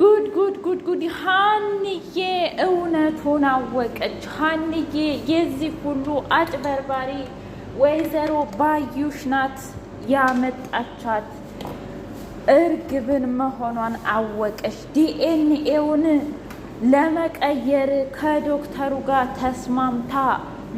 ጉድ ጉድ ጉድ ጉድ! ሀንዬ እውነቱን አወቀች። ሀንዬ የዚህ ሁሉ አጭበርባሪ ወይዘሮ ባዩሽ ናት ያመጣቻት እርግብን መሆኗን አወቀች። ዲኤንኤውን ለመቀየር ከዶክተሩ ጋር ተስማምታ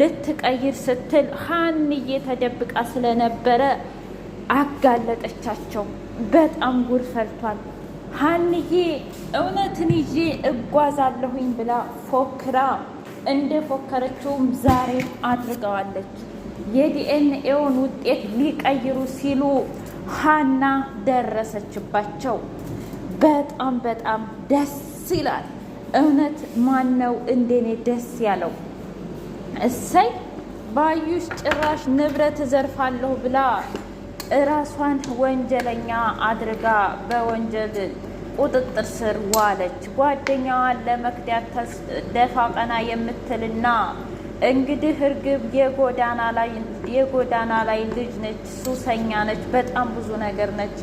ልትቀይር ስትል ሀንዬ ተደብቃ ስለነበረ አጋለጠቻቸው። በጣም ጉድ ፈልቷል። ሀንዬ እውነትን ይዤ እጓዛለሁኝ ብላ ፎክራ እንደ ፎከረችውም ዛሬም አድርገዋለች። የዲኤንኤውን ውጤት ሊቀይሩ ሲሉ ሀና ደረሰችባቸው። በጣም በጣም ደስ ይላል። እውነት ማን ነው እንደኔ ደስ ያለው? እሰይ ባዩሽ ጭራሽ ንብረት ዘርፋለሁ ብላ እራሷን ወንጀለኛ አድርጋ በወንጀል ቁጥጥር ስር ዋለች። ጓደኛዋን ለመክዳት ደፋ ቀና የምትልና እንግዲህ እርግብ የጎዳና ላይ የጎዳና ላይ ልጅ ነች፣ ሱሰኛ ነች፣ በጣም ብዙ ነገር ነች።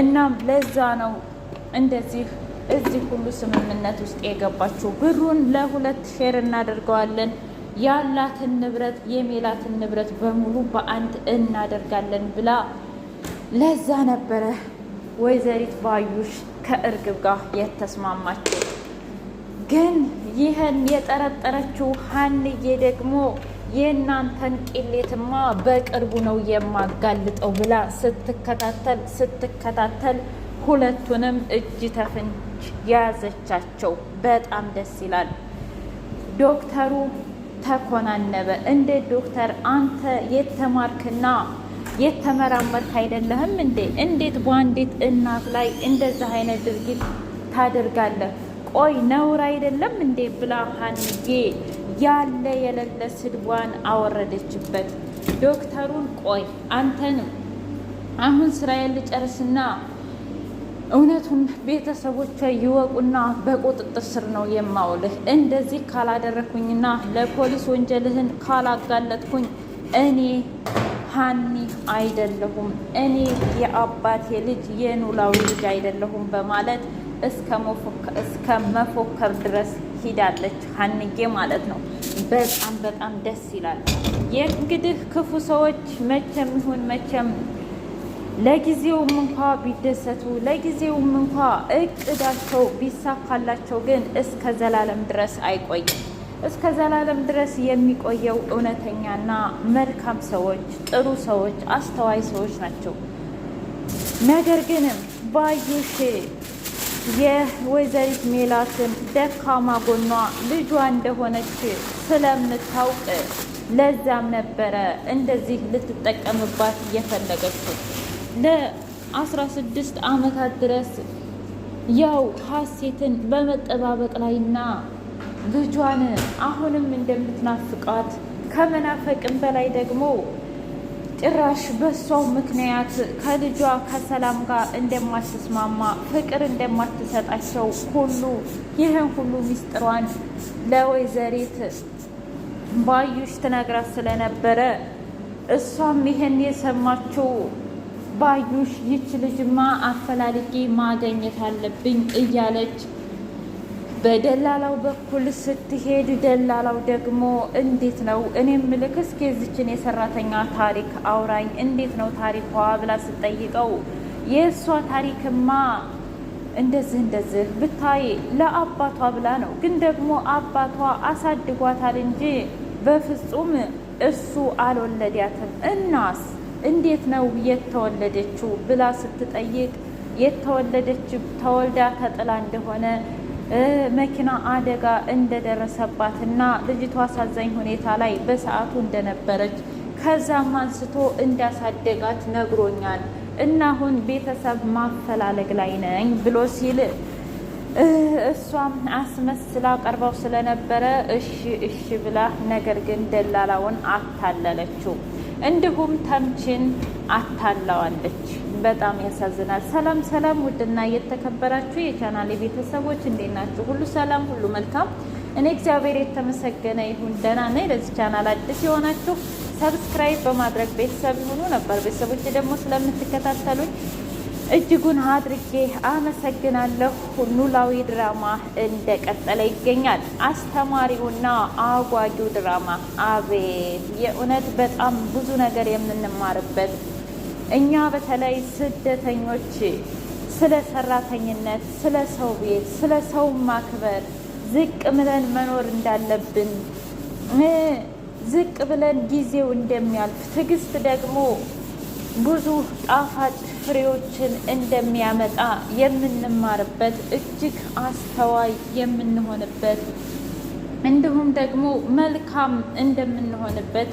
እናም ለዛ ነው እንደዚህ እዚህ ሁሉ ስምምነት ውስጥ የገባችው። ብሩን ለሁለት ሼር እናደርገዋለን፣ ያላትን ንብረት የሜላትን ንብረት በሙሉ በአንድ እናደርጋለን ብላ ለዛ ነበረ ወይዘሪት ባዩሽ ከእርግብ ጋር የተስማማችው። ግን ይህን የጠረጠረችው ሀንዬ ደግሞ የእናንተን ቅሌትማ በቅርቡ ነው የማጋልጠው ብላ ስትከታተል ስትከታተል ሁለቱንም እጅ ተፍንጅ ያዘቻቸው። በጣም ደስ ይላል። ዶክተሩ ተኮናነበ። እንዴት ዶክተር አንተ የተማርክና የተመራመርክ አይደለህም እንዴ? እንዴት በአንዲት እናት ላይ እንደዚህ አይነት ድርጊት ታደርጋለህ? ቆይ ነውር አይደለም እንዴ? ብላ ሀንዬ ያለ የሌለ ስድቧን አወረደችበት። ዶክተሩን ቆይ አንተን አሁን ስራዬን ልጨርስና እውነቱን ቤተሰቦቿ ይወቁና በቁጥጥር ስር ነው የማውልህ። እንደዚህ ካላደረግኩኝና ለፖሊስ ወንጀልህን ካላጋለጥኩኝ እኔ ሀኒ አይደለሁም እኔ የአባቴ ልጅ የኖላዊ ልጅ አይደለሁም በማለት እስከ መፎከር ድረስ ሂዳለች ሀንዬ ማለት ነው። በጣም በጣም ደስ ይላል። የእንግዲህ ክፉ ሰዎች መቼም ይሁን መቼም ለጊዜውም እንኳ ቢደሰቱ ለጊዜውም እንኳ እቅዳቸው ቢሳካላቸው ግን እስከ ዘላለም ድረስ አይቆይም። እስከ ዘላለም ድረስ የሚቆየው እውነተኛና መልካም ሰዎች፣ ጥሩ ሰዎች፣ አስተዋይ ሰዎች ናቸው። ነገር ግንም ባዩሽ የወይዘሪት ሜላትን ደካማ ጎኗ ልጇ እንደሆነች ስለምታውቅ ለዛም ነበረ እንደዚህ ልትጠቀምባት እየፈለገችው ለአስራ ስድስት ዓመታት ድረስ ያው ሀሴትን በመጠባበቅ ላይና ልጇን አሁንም እንደምትናፍቃት ከመናፈቅም በላይ ደግሞ ጭራሽ በሷው ምክንያት ከልጇ ከሰላም ጋር እንደማትስማማ ፍቅር እንደማትሰጣቸው ሁሉ ይህን ሁሉ ምስጢሯን ለወይዘሪት ባዩሽ ትነግራት ስለነበረ እሷም ይህን የሰማችው ባዩሽ ይች ልጅማ አፈላልጌ ማገኘት አለብኝ እያለች በደላላው በኩል ስትሄድ ደላላው ደግሞ እንዴት ነው እኔ ምልክ እስኪ ዝችን የሰራተኛ ታሪክ አውራኝ እንዴት ነው ታሪኳ ብላ ስጠይቀው የእሷ ታሪክማ እንደዚህ እንደዚህ ብታይ ለአባቷ ብላ ነው፣ ግን ደግሞ አባቷ አሳድጓታል እንጂ በፍጹም እሱ አልወለዳትም። እናስ እንዴት ነው የተወለደችው ብላ ስትጠይቅ የተወለደች ተወልዳ ተጥላ እንደሆነ መኪና አደጋ እንደደረሰባትና ልጅቷ አሳዛኝ ሁኔታ ላይ በሰዓቱ እንደነበረች ከዛም አንስቶ እንዳሳደጋት ነግሮኛል እና አሁን ቤተሰብ ማፈላለግ ላይ ነኝ ብሎ ሲል እሷም አስመስላ ቀርበው ስለነበረ እሺ እሺ ብላ ነገር ግን ደላላውን አታለለችው። እንዲሁም ተምችን አታላዋለች። በጣም ያሳዝናል። ሰላም ሰላም! ውድና እየተከበራችሁ የቻናል ቤተሰቦች እንዴት ናችሁ? ሁሉ ሰላም፣ ሁሉ መልካም። እኔ እግዚአብሔር የተመሰገነ ይሁን ደህና ነኝ። ለዚህ ቻናል አዲስ የሆናችሁ ሰብስክራይብ በማድረግ ቤተሰብ ይሁኑ። ነበር ቤተሰቦች ደግሞ ስለምትከታተሉኝ እጅጉን አድርጌ አመሰግናለሁ። ኖላዊ ድራማ እንደቀጠለ ይገኛል። አስተማሪውና አጓጊው ድራማ አቤት! የእውነት በጣም ብዙ ነገር የምንማርበት እኛ በተለይ ስደተኞች ስለ ሰራተኝነት፣ ስለ ሰው ቤት፣ ስለ ሰው ማክበር ዝቅ ብለን መኖር እንዳለብን ዝቅ ብለን ጊዜው እንደሚያልፍ ትዕግስት ደግሞ ብዙ ጣፋጭ ፍሬዎችን እንደሚያመጣ የምንማርበት እጅግ አስተዋይ የምንሆንበት እንዲሁም ደግሞ መልካም እንደምንሆንበት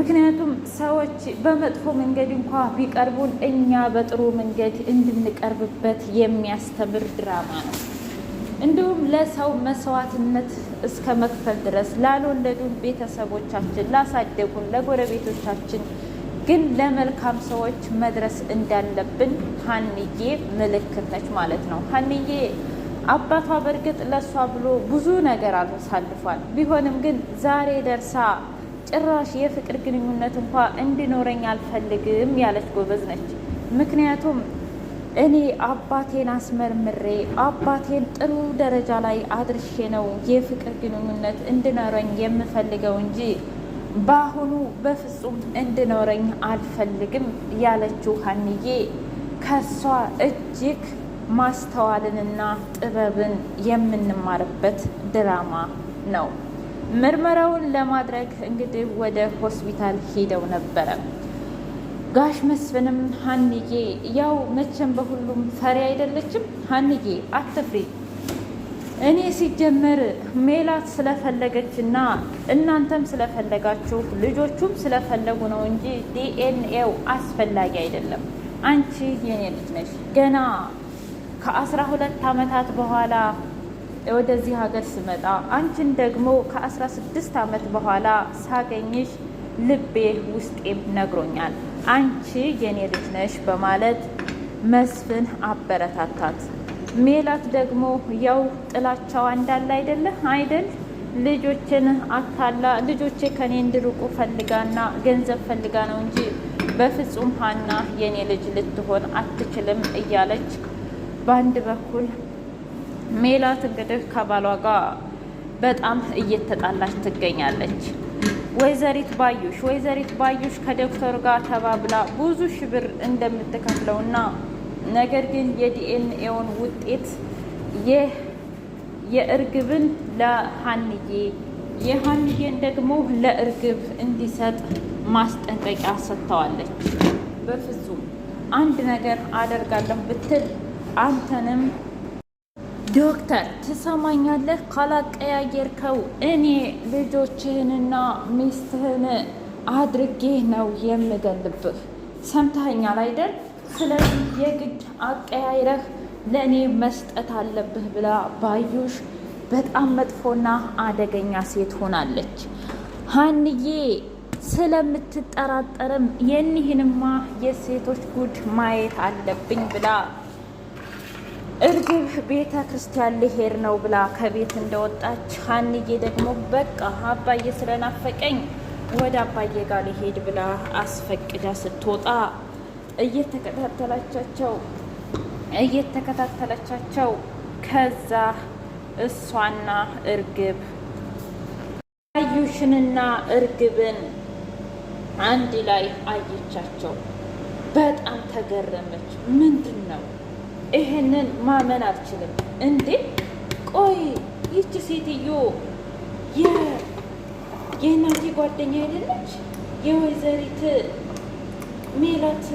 ምክንያቱም ሰዎች በመጥፎ መንገድ እንኳ ቢቀርቡን እኛ በጥሩ መንገድ እንድንቀርብበት የሚያስተምር ድራማ ነው። እንዲሁም ለሰው መስዋዕትነት እስከ መክፈል ድረስ ላልወለዱን ቤተሰቦቻችን፣ ላሳደጉን ለጎረቤቶቻችን፣ ግን ለመልካም ሰዎች መድረስ እንዳለብን ሀንዬ ምልክት ነች ማለት ነው። ሀንዬ አባቷ በእርግጥ ለእሷ ብሎ ብዙ ነገር አሳልፏል። ቢሆንም ግን ዛሬ ደርሳ ጭራሽ የፍቅር ግንኙነት እንኳ እንዲኖረኝ አልፈልግም ያለች ጎበዝ ነች። ምክንያቱም እኔ አባቴን አስመርምሬ አባቴን ጥሩ ደረጃ ላይ አድርሼ ነው የፍቅር ግንኙነት እንድኖረኝ የምፈልገው እንጂ በአሁኑ በፍጹም እንድኖረኝ አልፈልግም ያለችው ሀንዬ ከሷ እጅግ ማስተዋልንና ጥበብን የምንማርበት ድራማ ነው። ምርመራውን ለማድረግ እንግዲህ ወደ ሆስፒታል ሄደው ነበረ። ጋሽ መስፍንም ሀንዬ ያው መቼም በሁሉም ፈሪ አይደለችም፣ ሀንዬ አትፍሪ። እኔ ሲጀመር ሜላት ስለፈለገች እና እናንተም ስለፈለጋችሁ ልጆቹም ስለፈለጉ ነው እንጂ ዲኤንኤው አስፈላጊ አይደለም። አንቺ የኔ ልጅ ነሽ ገና ከአስራ ሁለት ዓመታት በኋላ ወደዚህ ሀገር ስመጣ አንቺን ደግሞ ከ16 ዓመት በኋላ ሳገኝሽ ልቤ ውስጤም ነግሮኛል፣ አንቺ የኔ ልጅ ነሽ በማለት መስፍን አበረታታት። ሜላት ደግሞ ያው ጥላቻዋ እንዳለ አይደለ አይደል ልጆችን አታላ ልጆቼ ከኔ እንድሩቁ ፈልጋና ገንዘብ ፈልጋ ነው እንጂ በፍጹም ሀና የኔ ልጅ ልትሆን አትችልም እያለች በአንድ በኩል ሜላት እንግዲህ ከባሏ ጋር በጣም እየተጣላች ትገኛለች። ወይዘሪት ባዩሽ ወይዘሪት ባዩሽ ከዶክተር ጋር ተባብላ ብዙ ሺህ ብር እና ነገር ግን የዲኤንኤውን ውጤት የእርግብን ለሀንዬ የሀንዬን ደግሞ ለእርግብ እንዲሰጥ ማስጠንቀቂያ ሰጥተዋለች። በፍጹም አንድ ነገር አደርጋለሁ ብትል አንተንም ዶክተር ትሰማኛለህ? ካላቀያየርከው እኔ ልጆችህንና ሚስትህን አድርጌ ነው የምገልብህ። ሰምተኸኛል አይደል? ስለዚህ የግድ አቀያይረህ ለእኔ መስጠት አለብህ ብላ ባዩሽ በጣም መጥፎና አደገኛ ሴት ሆናለች። ሀንዬ ስለምትጠራጠርም የኒህንማ የሴቶች ጉድ ማየት አለብኝ ብላ እርግብ ቤተ ክርስቲያን ልሄድ ነው ብላ ከቤት እንደወጣች ሀንዬ ደግሞ በቃ አባዬ ስለናፈቀኝ ወደ አባዬ ጋር ልሄድ ብላ አስፈቅዳ ስትወጣ እየተከታተላቻቸው እየተከታተለቻቸው ከዛ እሷና እርግብ አዩሽንና እርግብን አንድ ላይ አየቻቸው። በጣም ተገረመች። ምንድን ነው ይሄንን ማመን አልችልም። እንዴ ቆይ ይቺ ሴትዮ የእናቴ ጓደኛ አይደለች? የወይዘሪት ሜላት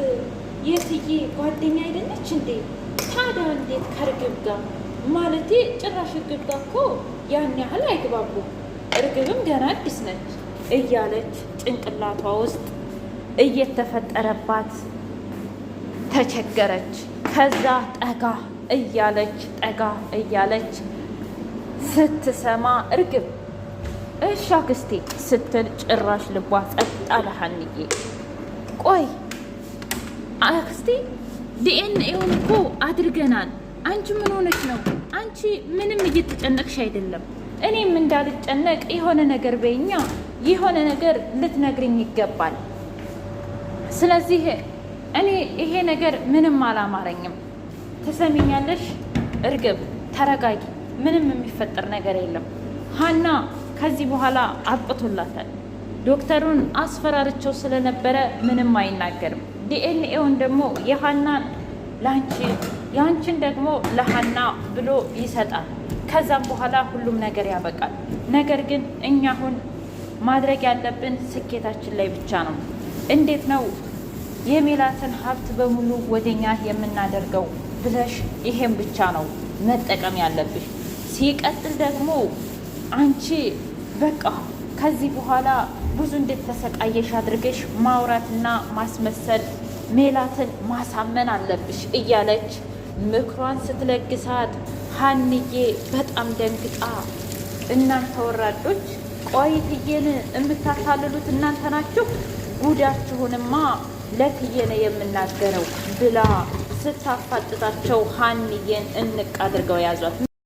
የስዬ ጓደኛ አይደለች እንዴ? ታዲያ እንዴት ከርግብ ጋር ማለቴ ጭራሽ እርግብ ጋር እኮ ያን ያህል አይግባቡም። እርግብም ገና አዲስ ነች እያለች ጭንቅላቷ ውስጥ እየተፈጠረባት ተቸገረች። ከዛ ጠጋ እያለች ጠጋ እያለች ስትሰማ እርግብ እሺ አክስቴ ስትል ጭራሽ ልቧ ጸጥ አለ። ሀንዬ ቆይ አክስቴ ዲኤንኤውን እኮ አድርገናል። አንቺ ምን ሆነች ነው? አንቺ ምንም እየተጨነቅሽ አይደለም። እኔም እንዳልጨነቅ የሆነ ነገር በኛ የሆነ ነገር ልትነግርኝ ይገባል። ስለዚህ እኔ ይሄ ነገር ምንም አላማረኝም። ትሰሚኛለሽ እርግብ፣ ተረጋጊ። ምንም የሚፈጠር ነገር የለም። ሀና ከዚህ በኋላ አብቅቶላታል። ዶክተሩን አስፈራርቸው ስለነበረ ምንም አይናገርም። ዲኤንኤውን ደግሞ የሀናን ለአንቺ የአንቺን ደግሞ ለሀና ብሎ ይሰጣል። ከዛም በኋላ ሁሉም ነገር ያበቃል። ነገር ግን እኛ አሁን ማድረግ ያለብን ስኬታችን ላይ ብቻ ነው። እንዴት ነው የሜላትን ሀብት በሙሉ ወደኛ የምናደርገው ብለሽ ይሄም ብቻ ነው መጠቀም ያለብሽ። ሲቀጥል ደግሞ አንቺ በቃ ከዚህ በኋላ ብዙ እንደተሰቃየሽ አድርገሽ ማውራትና ማስመሰል ሜላትን ማሳመን አለብሽ እያለች ምክሯን ስትለግሳት ሀንዬ በጣም ደንግጣ እናንተ ወራዶች፣ ቆይትዬን የምታታልሉት እናንተ ናችሁ ጉዳችሁንማ ለክዬ ነው የምናገረው ብላ ስታፋጥጣቸው ሀንዬን እንቅ አድርገው ያዟት።